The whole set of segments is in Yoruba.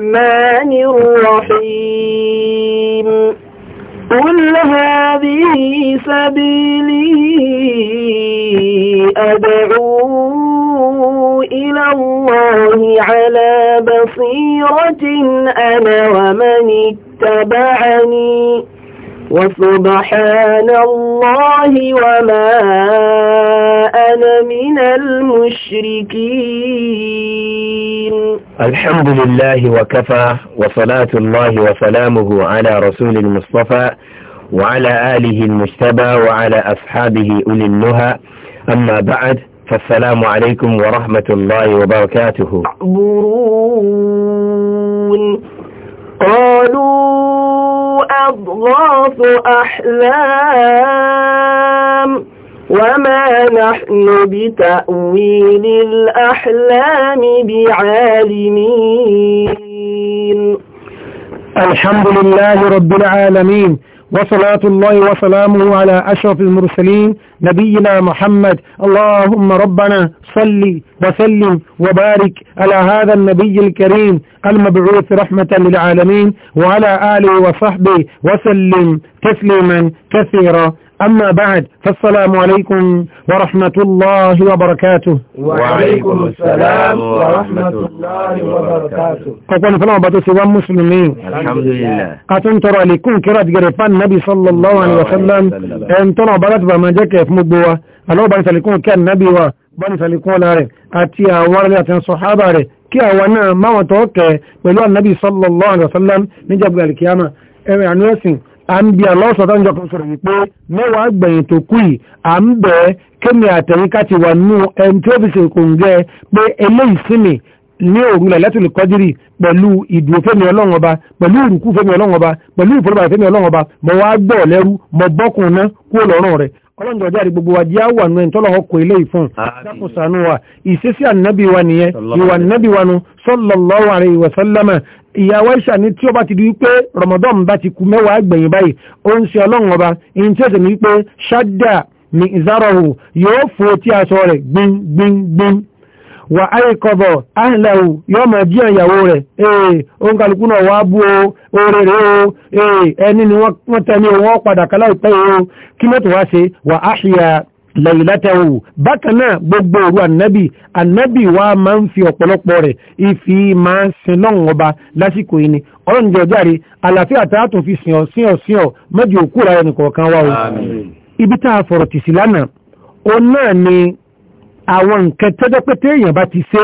الرحمن الرحيم قل هذه سبيلي أدعو إلى الله على بصيرة أنا ومن اتبعني وسبحان الله وما أنا من المشركين الحمد لله وكفى وصلاة الله وسلامه على رسول المصطفى وعلى آله المجتبى وعلى أصحابه أولي النهى أما بعد فالسلام عليكم ورحمة الله وبركاته أعبرون قالوا أضغاث أحلام وما نحن بتأويل الأحلام بعالمين الحمد لله رب العالمين وصلاة الله وسلامه على أشرف المرسلين نبينا محمد اللهم ربنا صل وسلم وبارك على هذا النبي الكريم المبعوث رحمة للعالمين وعلى آله وصحبه وسلم تسليما كثيرا أما بعد فالسلام عليكم ورحمة الله وبركاته وعليكم السلام ورحمة الله وبركاته قطن فلان بتسوى مسلمين الحمد لله قطن ترى لكم كرات جرفان نبي صلى الله عليه وسلم ان ترى بلد بما جاك rẹ̀ fún gbogbo wa aláwọ̀ bá ní sàlékún kí ànábì wa bá ní sàlékún ọ̀la rẹ̀ àti àwọn arẹ́lẹ̀ àti sọ̀hábà rẹ̀ kí àwa náà máwọn tó kẹ́ pẹ̀lú ànábì sallallahu alaihi wasallam níjàgbé àlìkíyàmà ẹ̀rẹ̀ àánú ẹ̀sìn à ń bi àlọ́sọ̀ tó ń jọ kan sọ̀rọ̀ wípé mẹ́wàá gbẹ̀yìn tó kù yìí à ń bẹ̀ ẹ́ kémi àtẹ̀yíká ti wà nínú ẹni tí ó fi ṣèkò ń jẹ́ pé eléyìí sí mi ní òru lẹ́lẹ́tìlì kọ́dírì pẹ̀lú ìdúró fẹ́mi ọlọ́run pẹ̀lú ìrùkú fẹ́mi ọlọ́run pẹ̀lú ìfọlọ́bà fẹ́mi ọlọ́run ọba wá gbọ́ lẹ́rú mo bọ́kùn ná lọ́rùn rẹ̀ kọlọ́njọ́ jáde gbogbo wa jẹ́ àwọn ẹni tọ́lọ́wọ́ kò ilé ìfún dákun ṣàánú wa ìṣesí ànábì wa nìyẹn ìwà ànábì wa nu sallallahu alaihi wa sallama ìyàwó ìṣà ní tí ó bá ti di wípé Ramadan bá ti ku mẹ́wàá gbẹ̀yìn báyìí ó ń ṣe ọlọ́run ìyìn tí ó sì ní wípé ṣáda ní ìzárọ̀hù yóò fò tí aṣọ rẹ̀ gbin wà áyíkọ̀bọ̀ áìlẹ̀hù yọ́ mọ̀ jí ìyàwó rẹ̀ ee oun náà wà bú o oore rẹ̀ o ee ẹni ni wọ́n tẹ́ni wọ́n padà kálá ìpẹ́ o kí mẹ́tò wá ṣe wà áṣìyà lẹ́yìnlátẹ̀wò gbogbo òru wa máa ń fi ọ̀pọ̀lọpọ̀ rẹ̀ ìfi máa ń sin lọ́hùn ọba lásìkò yìí ni àlàáfíà fi sìn ọ́ sí ọ́ sí ọ́ o. ibi tá a fọ̀rọ̀ tìsí lánàá o náà ni àwọn nǹkan tẹ́jọ́ pé téèyàn bá ti ṣe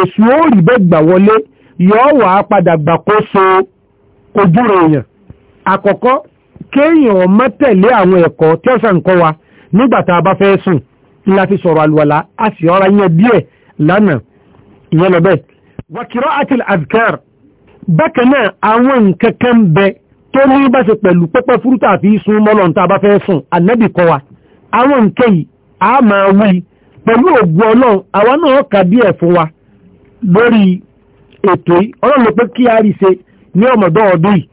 èṣù ó rí bẹ́ẹ̀ gbà wọlé yóò wà á padà gbà kó so ojúrò èèyàn àkọ́kọ́ kéèyàn má tẹ̀lé àwọn ẹ̀kọ́ tí ọ̀sán nǹkan wa nígbà tá a bá fẹ́ sùn ńlá ti sọ̀rọ̀ àlùwàlá a sì ọ̀rá yẹn díẹ̀ lánàá ìyẹn lọ bẹ́ẹ̀. wàkìrọ àti azkar bákan náà àwọn nǹkan kan bẹ tó ní bá ṣe pẹ̀lú pẹ́pẹ́ fúrúta àfi sún mọ́lọ́n tá a bá fẹ́ sùn ànábì kọ́ wa àwọn nǹkan yìí a máa wí pẹ̀lú ògùn ọlọ́run àwa náà kà díẹ̀ fún wa lórí ètò yìí ọlọ́run ló pé kí a rí ṣe ní ọmọdé ọdún yìí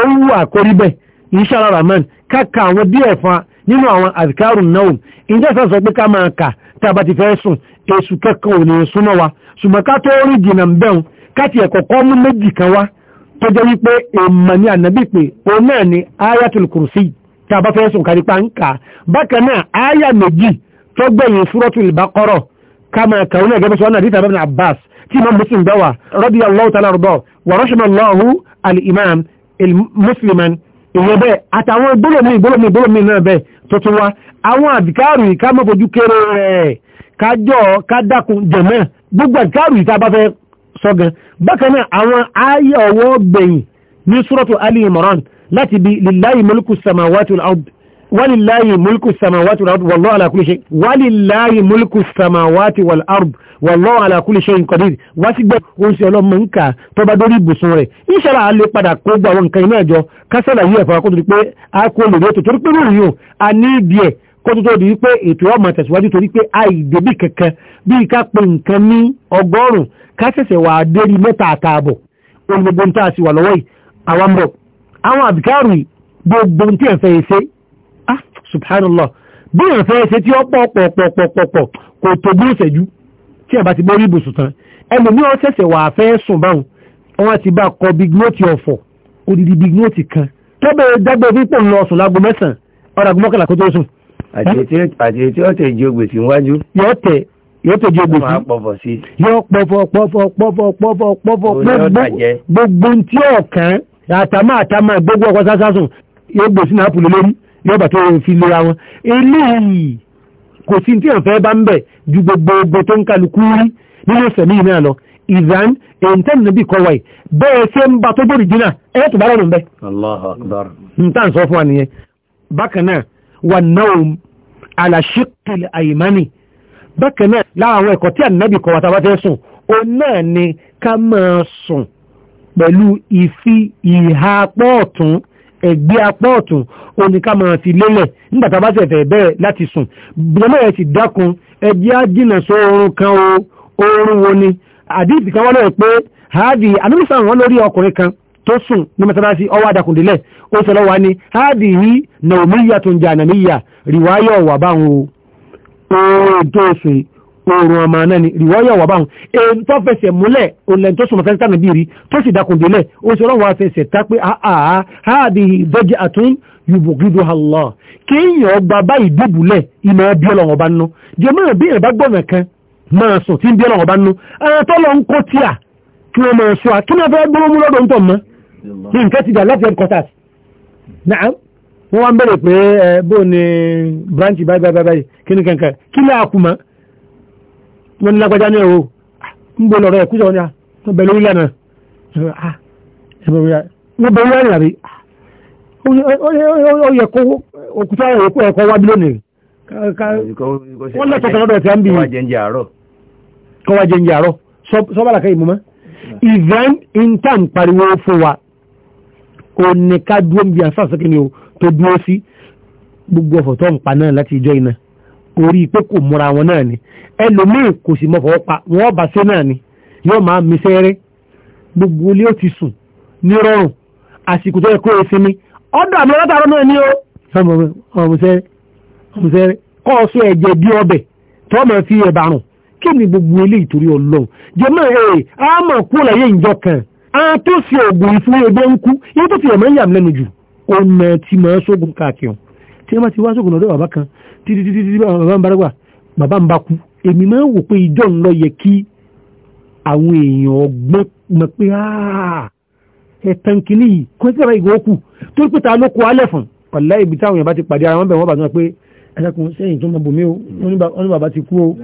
ó ń wù àkórí bẹ́ẹ̀ inṣàlá rahman káka àwọn díẹ̀ fún nínú àwọn àdìkárùn náà ìjẹ́ sọ sọ pé ká máa kà tá a bá ti fẹ́ sùn èṣù kẹ́kọ̀ọ́ ò ní súnmọ́ wa ṣùgbọ́n ká tó rí jìnnà ń káti ẹ̀kọ́ kọ́ mú méjì kan wá tó jẹ́ tó gbẹ̀yìn Suratul Baqara kama kàwọn ẹgbẹ́ sọ́nà àdìsá ibn Abbas tí imam muslim gbẹ́wà radiyallahu ta'ala rọ̀bọ̀ wà rahimallahu al-imam musliman ìwọ̀n bẹ́ẹ̀ àtàwọn gbólómi gbólómi gbólómi náà bẹ́ẹ̀ tuntun wa àwọn àdìkárù ìká mọ́fojú kéré rẹ̀ kájọ́ kádàkùn jẹ̀mọ́ gbogbo àdìkárù ìta bá fẹ́ sọ́gan bákan náà àwọn ayé ọwọ́ gbẹ̀yìn ní suratu Ali láti bi lillahi mulku samawati wal ard walillahi mulku samawati wal ardi wallahu ala kulli shay walillahi mulku samawati wal ardi wallahu ala kulli shay'in qadir wa si gbe o se olomo nka tó bá dórí ibùsùn rẹ̀ inshallah a lè padà ko gbo àwọn nǹkan ina jo ka sala yi e fa ko tó di pé a ko le to torí pé lórí yo a ní bí e kó tó tó di pé ètò ọmọ tẹ̀síwájú torí pé àìdè bí kankan bí ká pe nǹkan ní ọgọ́rùn-ún ká ṣẹ̀ṣẹ̀ wà dérí mẹ́ta àtààbọ̀ ohun gbogbo ń tà sí wà lọ́wọ́ yìí àwọn gbogbo ohun tí ẹ̀ fẹ́ subhanallah bóyá fẹ́ ṣe tí ó pọ̀ pọ̀ pọ̀ pọ̀ pọ̀ pọ̀ kò tó bó ṣẹ́jú tí a bá ti borí ibùsùn tán ẹlòmí ó ṣẹ̀ṣẹ̀ wà fẹ́ sùn báwọn wọn ti bá kọ big note ọ̀fọ̀ odidi big note kan tó bẹ̀rẹ̀ dágbé pípọ̀ ń lọ sùn lágbo mẹ́sàn-án ọ̀rọ̀ àgbo mọ́kànlá kó tó sùn. àti tí ó tẹ̀ jí ogbèsì wájú. yóò tẹ̀ yóò tó jẹ́ gbèsè yóò pọ̀fọ̀ pọ̀fọ̀ pọ̀fọ̀ pọ̀fọ̀ pọ̀fọ̀ gbogbo tí ọ̀kan àtàmà àtàmà gbogbo ọkọ̀ sásásùn yóò gbèsè náà pùlẹ̀ lórí yọba tó fi lera wọn eléyìí kò sí tí àǹfẹ́ bá ń bẹ̀ ju gbogbo ogbó tó ń kálukú rí nínú ìsẹ̀mí náà lọ ìzán èyíntẹ́ níbi kọwa ì bẹ́ẹ̀ ṣe ń ba tó bóri dínà ẹ̀ tó bá rọrùn bẹ́ Allahu Akbar níta sọ fún wa nìyẹn bákan náà wà náà ala shiqqil aymani bákan náà láwọn ẹ̀kọ́ tí ànábì kọwa tá ẹ̀gbẹ́ apá ọ̀tún oníká máa fi lélẹ̀ nígbàtà bá ṣẹ̀fẹ̀ bẹ́ẹ̀ láti sùn bíọ́mọ̀ ẹ̀ sì dákun ẹbí á sọ oorun kan o oorun wo ni àdìsí kan wọ́n lọ́wọ́ pé háàdì àdúgbòsàn wọn lórí ọkùnrin kan tó sùn ní mọ́sálásí ọwọ́ àdàkùndílẹ̀ ó sọ lọ́wọ́ ni háàdì yìí nàòmíyà tó ń rìwáyọ̀ oòrùn ọmọ náà ni ìwọ́yọ̀ wà báhùn èyí tó fẹsẹ̀ múlẹ̀ olẹ́ni tó súnmọ̀ fẹ́ntàn bí rí tó sì dákùndínlẹ̀ ó sì rán wà fẹsẹ̀ tápé àà ah, ah, ah, háàdì ìdọ́jẹ́ àtún yùbùgídù Allah kéèyàn ọgbà báyìí dùbùlẹ̀ ìmọ̀ ẹbí ọlọ́wọ́ bá nú jẹ́mọ́ bí ẹ̀bá gbọ́nà kan máa sùn tí ń bí ọlọ́wọ́ bá nú ẹran tó lọ ń kó tíà kí eh, branch báyìí báyìí kí ni kankan kí ni àkùmọ́ wọ́n ní lágbájá ní ẹ̀wọ̀ ń bọ̀ lọ́rọ̀ ẹ̀kújọ́ ní à wọ́n bẹ̀ lórí lẹ́nà wọ́n bẹ̀ lórí ah, àrí ó yẹ kó òkúta ẹ̀kọ́ wá bílónì wọ́n lẹ́tọ̀ kan lọ́dọ̀ ẹ̀tẹ́ ń bí kọwàá jẹ́njẹ́ àárọ̀ sọ́bàlàkà ìmọ̀mọ́ ìvẹ́n intan pariwo fún wa ó ní ká dúró bí àfáàsọ́kì ni ó tó dúró sí gbogbo ọ̀fọ̀ tó ń pa náà láti ìjọ iná orí pé kò múra wọn náà ni ẹlòmíì kò sì mọ̀fọ́ pa wọ́n bá ṣe náà ni yóò máa mi sẹ́rẹ́ gbogbo ilé ó ti sùn ní rọrùn àsìkò tó yẹ kó o sinmi ọdọ àmì ọlọ́tàrọ náà ni ó ọmọsẹ́rẹ́ kọ́ ọ sọ ẹ̀jẹ̀ bí ọbẹ̀ tó ọmọ fi ẹ̀bà rùn kí ni gbogbo ilé ìtorí ọlọ́run jẹ́mọ́ ẹ̀ àmọ̀ kú láyé ìjọ kan àwọn tó fi ògùn ìfún ẹgbẹ́ ń kú yóò tó fi ẹ̀mọ́ yàm lẹ́nu jù ọ̀nà tí mọ̀ ẹ́ káàkiri tí wọ́n ti wá sógun lọ́dọ̀ bàbá kan títí títí títí bàbá ń barágbà bàbá ń bakú èmi máa ń wò pé ìjọ ń lọ yẹ kí àwọn èèyàn ọgbọ́n mọ̀ pé ẹ̀tàn kìíní yìí kò sí ìgbà ìgbà òkú torí pé ta ló kó alẹ́ fún ọ̀la ibi táwọn èèyàn bá ti pàdé ara wọn bẹ̀ wọ́n bá sọ pé ẹ̀sẹ̀kùn sẹ́yìn tó mọ bòmí o wọ́n ní bàbá ti kú o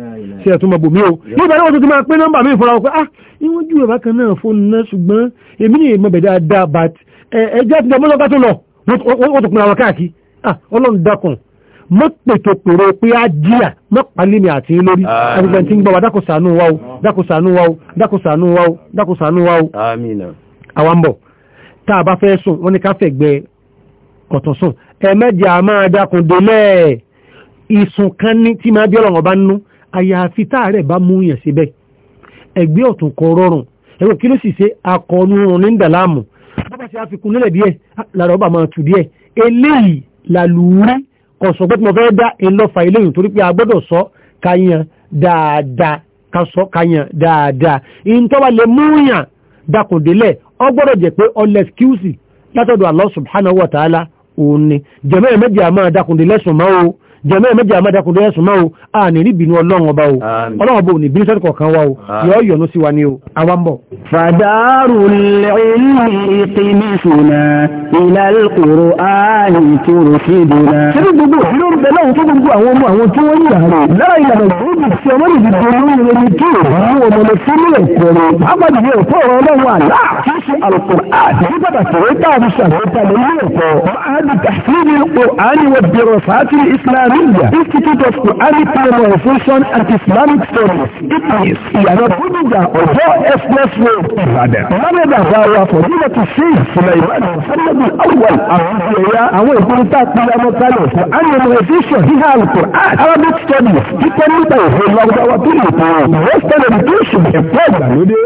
sẹ́yìn tó mọ bòmí o ní ìbẹ̀rẹ̀ wọ́n tó ti máa pé nọ́mbà mi fúnra ọkọ̀ ah ìwọ́n jù ẹ̀bá kan náà fóònù náà ṣùgbọ́n èmi ní ìmọ̀ bẹ̀dẹ̀ dáa bàt ẹ̀ẹ́dẹ́ ti dẹ̀ mọ́lọ́gbà tó lọ wọ́n tó pinna wọn káàkiri ah ọlọ́run dákùn mọ́ pètò pèrò pé á jíyà mọ́ pàálí mi àti lórí ẹgbẹ̀n tí ń gbọ́ wa dákùsànú wa o dákùsànú wa o dákùsànú wa o dákùsànú wa o àwọn ń bọ̀ tá a bá fẹ́ sùn wọ́n ní ká fẹ̀gbẹ́ ọ̀tún sùn ẹ̀mẹ́jì a máa dákun délẹ̀ ìsùn kan ní tí máa bí ọlọ́run bá nú àyàfi táàrẹ̀ bá mú yàn síbẹ̀ ẹgbẹ́ ọ̀tún kò rọrùn ẹgbẹ́ kọ̀sùn pé mo fẹ́ dá ìlọ́fà ilé yìí torí pé a gbọ́dọ̀ sọ kayan dáadáa ká sọ kayan dáadáa ìntọ́wà lè múyàn dakùndélẹ̀ ọ gbọ́dọ̀ jẹ́ pé ọlẹ́ skills látọ̀dọ̀ Allah subhanahu wa ta'ala òun ni jẹ̀mọ́ ẹ̀mẹ́jì àmọ́ dakùndélẹ̀ sùn máa o jẹ̀mẹ́ méjì àmọ́dakùn lọ́yẹ̀ súnmọ́ o a ní rí bínú ọlọ́run ọba o ọlọ́run ọba ò ní bínú sẹ́tù kọ̀ọ̀kan wa o yọ́ yọ̀nú sí wa ní o àwa ń bọ̀. fadarul ilmi iqmisuna ila al-Qur'ani turfiduna. sẹ́dí gbogbo ìlú ń bẹ fún gbogbo àwọn ọmọ àwọn tí wọ́n yà rẹ̀ lára ìlànà ìgbòho tí ọmọ nìdí tó lóyún ẹni tó àwọn sí alukur'an. Èyí bàbá sọ̀rọ̀ ìta àti sàrẹ́ta lè ní ẹ̀kọ́. Ma'had Tahsil al-Qur'an wa Dirasat al-Islamiyya. Institute of Quranic Memorization and Islamic Studies. Ìpìs ìyàrá Bódìjà ọ̀dọ́ Express Road Ìbàdàn. Mọ́nẹ́dà bá wa fọ̀ nígbà tí sí Sulaiman Sẹ́lẹ̀dì Awal àwọn ìyẹ̀yà àwọn ìpín tá a pinnu ọmọ kalẹ̀ fún Arabic Studies. Kíkọ́ nípa ìwé lọ́gbàwá tó lè tán. Western education ẹ̀kọ́ ìgbàlódé.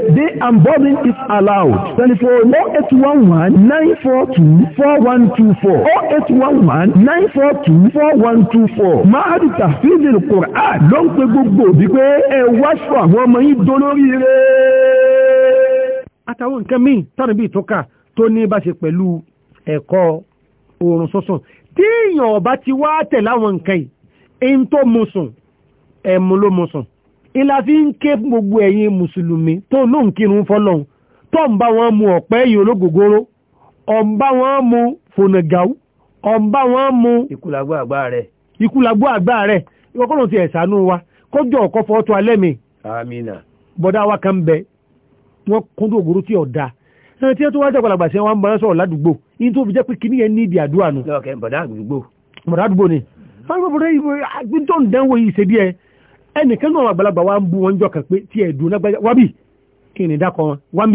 and boarding is allowed twenty-four oh eight one one nine four two four one two four oh eight one one nine four two four one two four máàdì tàfíìlì Qur'an ló ń pe gbogbo òbí pé ẹ wá sọ àwọn ọmọ yín dolórí rẹ̀. àtàwọn nǹkan míì tọ́nà bíi ìtọ́ka tó ní bá ṣe pẹ̀lú ẹ̀kọ́ oorun sọ́sùn tí èèyàn ọba ti wá tẹ̀ láwọn nǹkan yìí ẹni tó mu ẹ̀mú ló mu ìlà fi ń ké gbogbo ẹ̀yin mùsùlùmí tó lóun kírun fọlọ́hún tọ́ǹbá wọn mu ọ̀pẹ́ ẹ̀yìn ológògóró ọ̀ǹbá wọn mu fònàgàù ọ̀ǹbá wọn mu. ikulagbó àgbà rẹ. ikulagbó àgbà rẹ ìwọ ti ẹ̀sánú wa kọjọ ọ̀kọ́ fọ́tọ́ alẹ́ mi. amina. bọ́dá wa kan bẹ wọn kúndùn ògúrú tí ò da ẹni tí wọn tó wájú àgbàlagbà sí wọn bá wọn sọ̀rọ̀ ládùúgbò yìí tó fi jẹ́ pé kíní yẹn ní ìdí àdúrà nù. lọ́kẹ́ bọ̀dá àdúgbò. bọ̀dá àdúgbò ni. fáwọn bọ̀dá yìí tó ń dánwò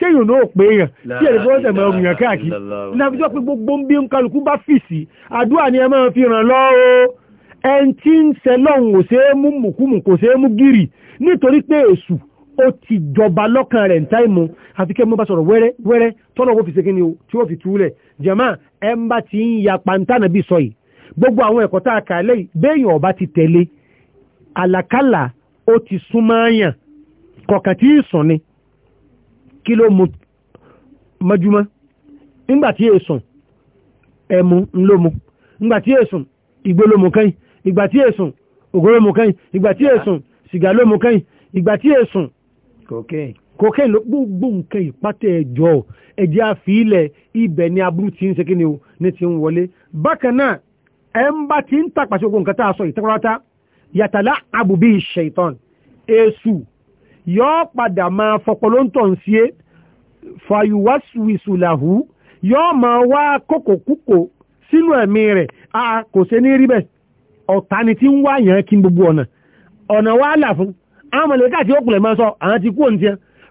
ṣé èèyàn náà pé èèyàn tí èrè fọwọ́ tẹ̀ mọ́ ọrùn yàn káàkiri náà fi jọ pé gbogbo ń bí ń kálukú bá fìsì àdúrà ni ẹ máa fi ràn lọ́wọ́ ẹn tí ń ṣe lọ́hùn kò ṣeé mú mùkúmù kò ṣeé mú gírì nítorí pé èṣù ó ti jọba lọ́kàn rẹ̀ ń táì mu àfi kẹ́ mú bá sọ̀rọ̀ wẹ́rẹ́ wẹ́rẹ́ tọ́nà owó fi ṣe kíni o tí wọ́n fi túlẹ̀ jẹ̀má ẹ ń bá ti ń ya pantánà bí sọ yìí gbogbo kí ló mu mọ́júmọ́ nígbàtí èsùn ẹmu ńlómu nígbàtí èsùn ìgbólómu kẹ́yìn ìgbàtí èsùn ògólómu kẹ́yìn ìgbàtí èsùn sìgálómu kẹ́yìn ìgbàtí èsùn cocaine cocaine ló gbogbo nǹkan ìpátẹ̀ ẹjọ́ ẹ̀jẹ̀ àfihìlẹ̀ ibẹ̀ ni aburú ti ń sekí ni o ní ti ń wọlé bákan náà ẹ̀ ń bá ti ń tàpàṣẹ ogun nǹkan tá a sọ ìtẹ́kọ̀rọ̀ta yàtàlá àbùbí ṣaitan èsù yóò padà máa fọpọlọ́ntọ̀ ń sí é fàyùwásùwìsùlàhù yóò máa wá kòkòkúkò sínú ẹ̀mí rẹ̀ a kò ṣe ní rí bẹ́ẹ̀ ọ̀tá ni tí ń wá yàn kí gbogbo ọ̀nà ọ̀nà wá là fún àwọn mọ̀lẹ́kà tí ó kùnlẹ̀ máa sọ àwọn ti kú òǹtí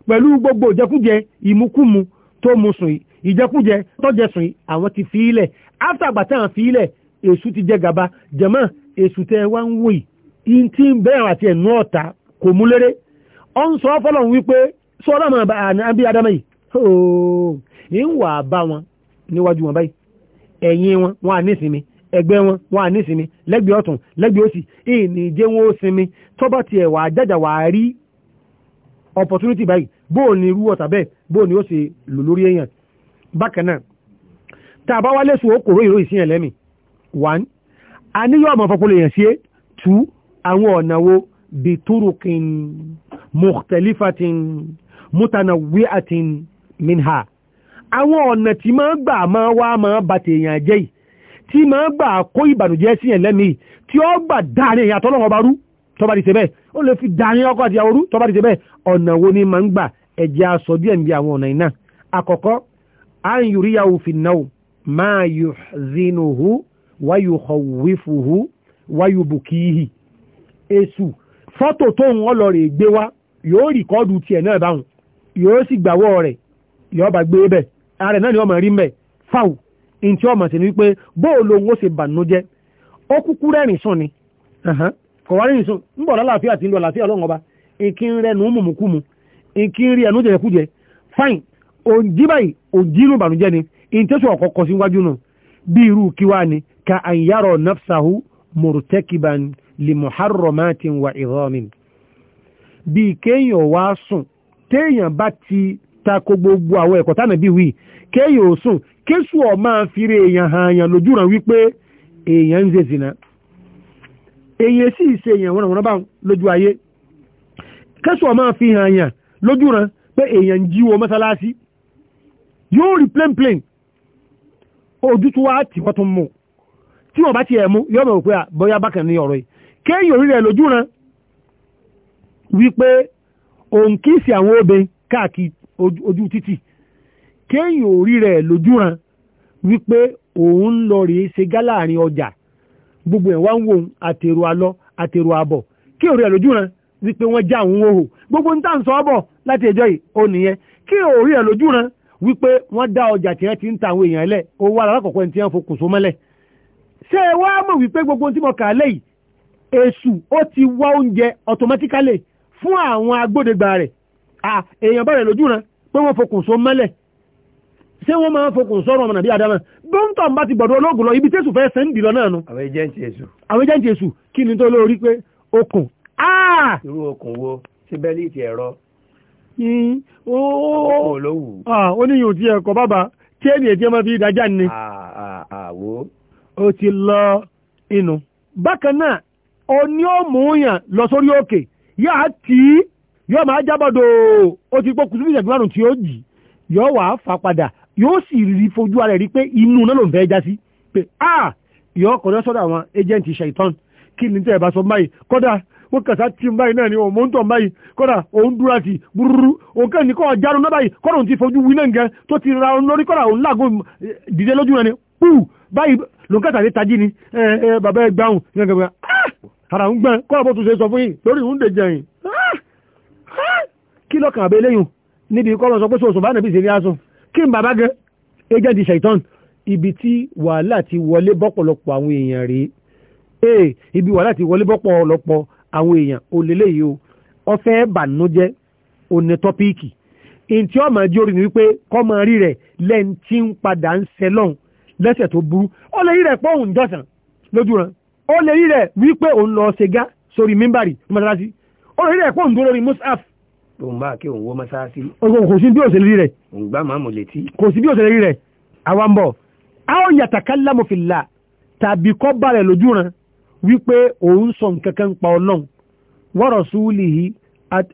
pẹ̀lú gbogbo ìjẹkújẹ ìmukúmu tó mu sùn ìjẹkújẹ tọ́jẹ sùn àwọn ti fi ilẹ̀ after àgbàtà àwọn fi ilẹ̀ èṣù ti jẹ gàba jẹ̀mọ́ èṣù tẹ wá ń wòyí in tí ń bẹ́ẹ̀ àti ẹ̀nú ọ̀tá kò mú léré ọ ń sọ fọ́lọ̀ wípé sọ́rọ̀ mọ̀ àbí adama yìí ń wà bá wọn níwájú wọn báyìí ẹ̀yìn wọn wọn à nísinmi ẹgbẹ́ wọn wọn à nísinmi lẹ́gbẹ̀ẹ́ ọ̀tún lẹ́gbẹ̀ẹ́ òsì ìní jẹ́ wọn ó sinmi tó bá tiẹ̀ wà wà á rí opportunity báyìí bóò ní irú ọ̀tà bẹ́ẹ̀ bóò ní ó ṣe e. àwọn ọ̀nà mùtẹ̀lífàtín mútanàwíàtín minha àwọn ọ̀nà tí máa gbà máa wá máa bàtẹ̀ èèyàn jẹ́ yìí tí máa gbà kó ìbànújẹ́ sí yẹn lẹ́mìí tí ó gbà dáàrin èèyàn tọ́lọ́wọ́ bá rú tọ́ba ti ṣe bẹ́ẹ̀ ó lè fi dáàrin ọkọ̀ àti àwọn orú tọ́ba ti ṣe bẹ́ẹ̀ ọ̀nà wo ni máa ń gbà ẹ̀jẹ̀ aṣọ díẹ̀ ń àwọn ọ̀nà iná àkọ́kọ́ an yuriyahu fi náà máa yuhzinuhu wa yukhawwifuhu wa yubukihi èṣù fọ́tò tó ọlọ́rẹ̀ gbé wá yóò rìkọ́ọ̀dù tiẹ̀ náà na yóò sì gbàwọ́ rẹ̀ yóò bá gbé bẹ̀ ààrẹ náà ni ọmọ rí mẹ́ fáwù ní tí ọmọ sí ni wípé bóò lòun ó ṣe bànújẹ́ ó kúkú rẹ́rìn sùn ni kò wá rẹ́rìn sùn ń bọ̀ lálàáfíà tí ń lọ ọlọ́run ọba ìkí ń ìkí ń rí ẹnu òjì báyìí òjì inú bànújẹ́ ni ìtẹ́sù ọ̀kọ̀ọ̀kọ̀ síwájú nù bí irú kí wá ni ka àyàrọ̀ nafsahu bíi kéèyàn wá sùn téèyàn bá ti tako gbogbo àwọn ẹ̀kọ́ tánà bí wí kéèyàn ò sùn kéṣù ọ̀ máa fi rí èèyàn hàn yàn lójú ràn wípé èèyàn ń ṣe zìnà èèyàn sì ṣe èèyàn wọ́n wọ́n bá lójú ayé kéṣù ọ̀ máa fi hàn yàn lójú ràn pé èèyàn ń jíwo mọ́sálásí yóò rí plain plain ojú wá tì wọ́n tún mú tí wọ́n bá ti ẹ̀ mú yọ́ mọ̀ pé ah, bóyá bákan ní ọ̀rọ̀ yìí kéèyàn orí rẹ̀ lójú ràn wípé òun kíìsì àwọn obe káàkiri ojú títì kéèyàn orí rẹ̀ lójúran wípé òun ń lọ rèé ṣe gá láàrin ọjà gbogbo ẹ̀ wá ń wo àtèrò alọ́ àtèrò àbọ̀ kí òun rẹ̀ lójúran wípé wọ́n já òun wò hò gbogbo ń tà ń sọ ọ́ bọ̀ láti ẹjọ́ yìí ó nìyẹn kí òun rẹ̀ lójúran wípé wọ́n dá ọjà tí wọ́n ti ń ta àwọn èèyàn lẹ̀ ó wá alákọ̀ọ́kọ́ ẹni tí wọ́n fokùn so ṣé ẹ mọ̀ wípé gbogbo tí mo kà á lẹ́yìn èṣù ó ti wá oúnjẹ automatically fún àwọn agbódegbà rẹ̀ èèyàn bá rẹ̀ lójú rẹ̀ pé wọ́n fokùn so mẹ́lẹ̀ ṣé wọ́n máa ń fokùn sọ́rọ̀ ọmọ nàbí adama gbóǹtọ̀ bá ti bọ̀dọ̀ ológun lọ ibi tẹ́sù fẹ́ sẹ́ńdì lọ náà nu. àwọn ejẹ́ǹtì èṣù kí ni tó lórí pé okùn. irú okùn wo sí bẹ́líìtì ẹ̀rọ. okùn olówù. ti bàbá tí ẹni ètí fi ni. àwo. ti lọ inú. bákan náà yàn lọ sórí yá á tì í yóò máa jábọ̀dọ̀ ó ti gbókùn síbi ìṣẹ́jú márùn tí ó jì yóò wà á fà padà yóò sì rí fojú ara rí pé inú náà ló ń fẹ́ já sí pé a yọ ọkùnrin sọ́dọ̀ àwọn ẹjẹ́ǹtì ṣàìtàn kí ni tẹ́ ẹ̀ bá sọ báyìí kódà wọ́n kàṣà tí ń báyìí náà ni òun mọ́tò báyìí kódà òun dúró àti gbúrúrú òun kàn ní kọ́ ọ̀járun náà báyìí kódà òun ti fojú wí náà gẹ́ tó ti ra òun lórí kódà òun làgùn eh, dìde lójú rẹ̀ ni pù báyìí lòun kàṣà lè tají ni ẹ eh, ẹ eh, bàbá ẹ gbáhùn gẹ́gẹ́ bá ara ń gbẹ́ kọ́ ọ̀bọ̀ tó ṣe sọ fún yìí lórí ìhúndè jẹyìn ah! ah! kí lọ́kàn àbẹ́ eléyìn níbi kọ́ lọ́sọ pé sọ̀sọ̀ bá nàbí ìṣẹ́rí aṣọ kí n bàbá gẹ́ agent shaitan ibi tí wàhálà ti wọlé bọ́pọ̀lọpọ̀ àwọn èèyàn rèé ee eh, ibi wàhálà ti wọlé bọ́pọ̀lọpọ̀ àwọn èèyàn olélẹ̀ yìí o ọfẹ́ bànújẹ́ òní tọ́píìkì ìntí ọmọ ẹjọ́ rí ni wípé kọ́mọ rí rẹ̀ lẹ́ni tí ń padà ń ṣẹlọ́n lẹ́sẹ̀ tó burú ọ lè rí rẹ̀ pọ́ùn jọ̀sán lójú rán ó lè rí rẹ̀ wípé òun lọ ṣègá sórí mímbàrì mọ́sálásí ó lè rí rẹ̀ pọ̀ ń dúró lórí mushaf òun bá kí òun wó mọ́sáàsí. ogun kò sí bí òṣèlú rí rẹ̀. òun gbá màá mọ̀ létí. kò sí bí òṣèlú rí rẹ̀. àwa ń bọ̀. àwọn yatakallamu fillah tàbí kọ́ bá rẹ̀ lójú ran wípé òun sọ nǹkan kan pa ọlọ́run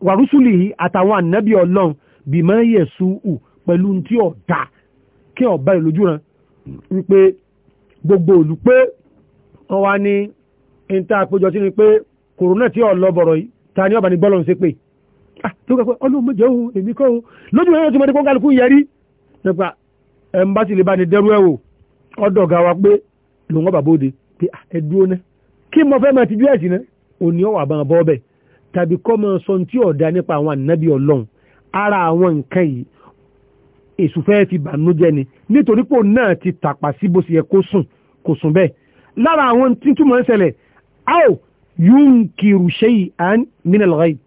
wa rasulihi àtàwọn ànábì ọlọ́run bima yasu'u pẹ̀lú tí ọ̀ dà kí ọ̀ bá rẹ̀ lójú ran wípé gbogbo olùpẹ́ wọ́n wá ní ìta àpéjọ sí ni pé kòrónà tí ọ̀lọ́ bọ̀rọ̀ yìí ta ni ọba ní bọ́lọ̀ ń ṣe pé ah, tó kẹ́ pé ọlọ́mọ jẹ́ òun èmi kọ́ òun lójú ìwé tí mo ní kó kálukú yẹrí nípa ẹ̀mbásí lè bá ní dẹ́rú ẹ̀wò ọ̀dọ̀ ga wa pé lòun ọba bóde pé ah, ẹ ná kí mo fẹ́ máa ti jú ẹ̀sìn náà òní ọ̀wà àbá bọ́ bẹ̀ tàbí kọ́ mọ sọ tí ọ̀dà nípa àwọn ànábì ọlọ́run ara àwọn nǹkan yìí èṣù fẹ́ fi bànújẹ́ ni nítorí pò náà ti tàpá sí bó ṣe yẹ kó sùn kò sùn bẹ́ẹ̀ lára àwọn tí túmọ̀ ń ṣẹlẹ̀ áò yunkiru shay'an min al-ghayb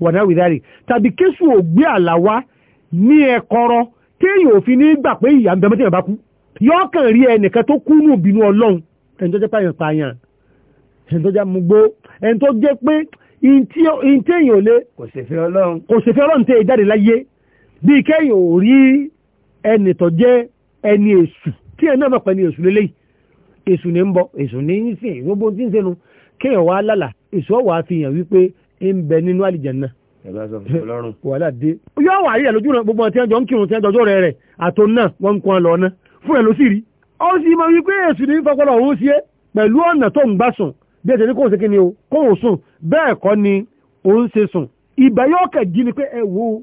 wa nahwi dhalik tàbí kéṣù ògbé àláwá ní ẹ̀kọ́rọ́ téèyàn òfin ní gbà pé ìyá ń bẹ mọ́tẹ́yàn bá kú yóò kàn rí ẹnìkan tó kú nù bínú ọlọ́run ẹni tó jẹ́ pààyàn pààyàn ẹni tó jẹ́ mugbó ẹni tó jẹ́ pé ìtẹ́yìn ò lé kò ṣèfẹ́ ọlọ́run tẹ́ ìjáde láyé bí kẹ́yìn ò rí ẹnì tó jẹ́ ẹni èṣù tí ẹ̀ náà mọ̀ pẹ̀lú èṣù lélẹ́yìí èṣù ní ń bọ èṣù ní ń sìn gbogbo tí ń sẹnu kéèyàn wá lálà èṣù ọ̀wà fi hàn wípé ń bẹ nínú àlìjànnà. wàhálà dé yóò wà rí ẹ lójú náà gbogbo ọtí ń kírun tí ẹjọ ọjọ rẹ àtò náà wọn ń kún ọ lọ náà fún ẹ ló sì rí. ó sì mọ wípé èṣù ní fọpọlọ òun sí pẹ̀lú ọ̀nà tó ń gbà sùn bí ẹsẹ̀ ní kò ń ṣe ni o kò ń sùn bẹ́ẹ̀ kọ́ ni òun ṣe sùn ìbá yóò kẹ̀ jí ni pé ẹ wo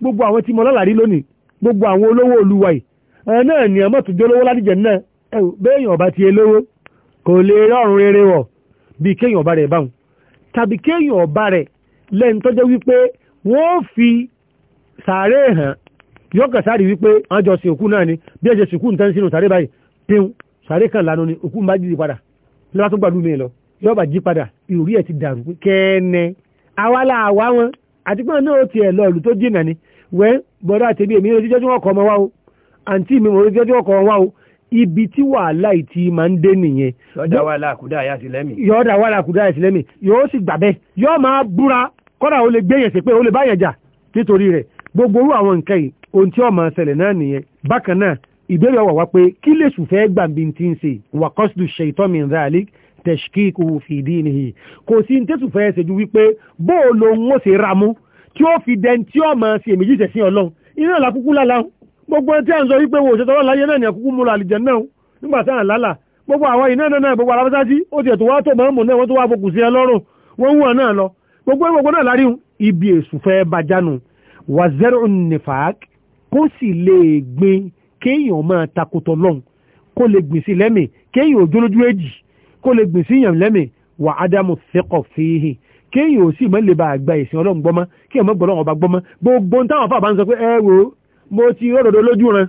gbogbo àwọn tí mo lálàrí lónìí gbogbo àwọn ni àmọ́ tó jólówó ládìjẹ ẹ̀wò béèyàn ọba ti elówó kò lè rọrùn rere wọ̀ bí kéèyàn ọba rẹ̀ báwọn tàbí kéèyàn ọba rẹ̀ lẹ́nu tó wípé wọ́n fi sàárè hàn yóò kà wípé wọ́n jọ sin náà ni bí ẹ̀jẹ̀ sìnkú ń sínú sàárè báyìí kan ni òkú padà lọ́wọ́ tó gbàdúrà mi lọ yóò bá padà ẹ̀ ti dàrú àwa wọn ni wẹ́n bọ́dọ̀ èmi kọ́ ọmọ wa o àǹtí mi mò ń retí jọ́jú o ibi tí wàhálà ìtì máa ń dé nìyẹn. yọ̀ọ́dà wà láàkúdà àyà sílẹ̀mì. yọ̀ọ́dà wà láàkúdà àyà sílẹ̀mì yóò sì gbà bẹ́ẹ̀ yóò máa búra kọ́dà ó lè gbé yẹn sí pé ó lè bá yẹn jà nítorí rẹ̀ gbogbo orú àwọn nǹkan yìí ohun tí ó máa ṣẹlẹ̀ náà nìyẹn. bákan náà ìbéèrè wà wá pé kí lè sùn fẹ́ẹ́ gbàǹbí ti ń ṣe wà kọ́sùdù ṣe ìtọ́ mi ra àlè fìdí nìyí kò sí ní tẹ̀sùn fẹ́ẹ́ ṣe ju wípé bóò lòun ó ṣe ramú tí ó fi dẹ́n tí ó máa ṣe èméjì ọlọ́run iná làkúkú lálàá gbogbo tí a ń sọ wípé wo òṣètò ọlọ́run láyé náà ní ẹ̀kúkú múra àlìjẹ náà nígbà tí à ń lálà gbogbo àwọn iná náà náà gbogbo alábẹ́sá sí ó ti ẹ̀tọ́ wá tó mọ́mù náà wọ́n tó wá fokùn ẹ lọ́rùn wọ́n wù náà lọ gbogbo gbogbo náà lárí ibi èṣù fẹ́ bàjánu wà zero nifak kó sì lè gbin kéèyàn máa takotọ lọ́hùn kó lè gbìn sí lẹ́mì kéèyàn òjòlójú èjì kó lè gbìn sí yàn lẹ́mì wà ádámù fẹ́kọ̀ fíhì kéèyàn ò sì mọ́ lè bá àgbà ìsìn ọlọ́run gbọ́mọ́ kéèyàn mọ́ gbọ́lọ́run ọba gbọ́mọ́ gbogbo táwọn afáàbá ń sọ pé ẹ wo mo ti rọ̀dọ̀dọ̀ lójú ran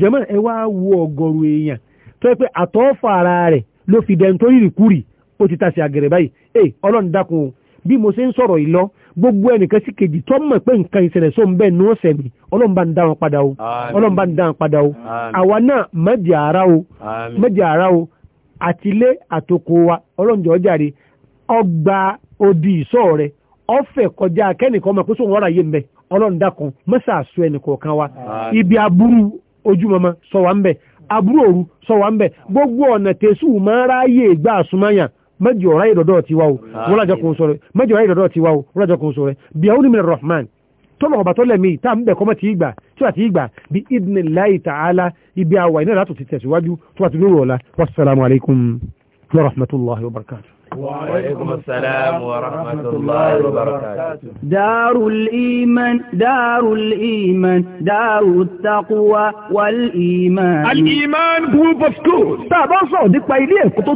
jẹ́mọ́ ẹ wá wo ọ̀gọ̀rù èèyàn tó yẹ pé àtọ́fà ara rẹ̀ ló fi dẹ̀ nítorí ìrìkúrì ó ti tasẹ̀ àgẹ̀rẹ̀ báyìí ẹ ọlọ́run dákun o bí mo ṣe ń sọ̀rọ̀ yìí lọ gbogbo ẹnìkan sí kejì tó mọ̀ pé nǹkan ìṣẹ̀lẹ̀ só ń bẹ́ẹ̀ ní ọ̀sẹ̀ mi ọlọ́run bá ń dá padà o ọlọ́run bá ń dá padà o àwa náà mẹ́jẹ̀ ara o mẹ́jẹ̀ ara o àtilé àtòkò wa ọlọ́run jọ̀ọ́ jàre ọgbà odi ìṣọ́ rẹ̀ ọ̀fẹ́ kọjá akẹ́nìkan ọmọ pé sóhun ọ̀rọ̀ ayé ń bẹ ọlọ́run dákun mọ́sà àṣọ wa ibi aburu ojúmọmọ sọ wá ń bẹ aburú òru sọ wá ń bẹ gbogbo ọ̀nà tẹ̀sù máa ráyè gbà àsúmáyàn mẹ́jọ ọ̀rá ìdọ̀dọ̀ ti wá o wọ́lájọ́ kò ń sọ rẹ̀ ọ̀rá ìdọ̀dọ̀ ti wá o wọ́lájọ́ kò ń sọ rẹ̀ bí àwọn onímọ̀ rahman tọ́lọ̀ ọba tọ́lẹ̀ mi tá ń bẹ̀ kọ́mọ́ ti gbà tí wàá ti gbà bí idnillahi ta'ala ibi àwà iná látò ti tẹ̀síwájú tó wà ti lórí ọ̀la wassalamu alaikum wa rahmatullahi wa barakatuh وعليكم السلام ورحمة الله وبركاته دار الإيمان دار الإيمان دار التقوى والإيمان الإيمان هو of تابع tàbá sọ̀rọ̀ nípa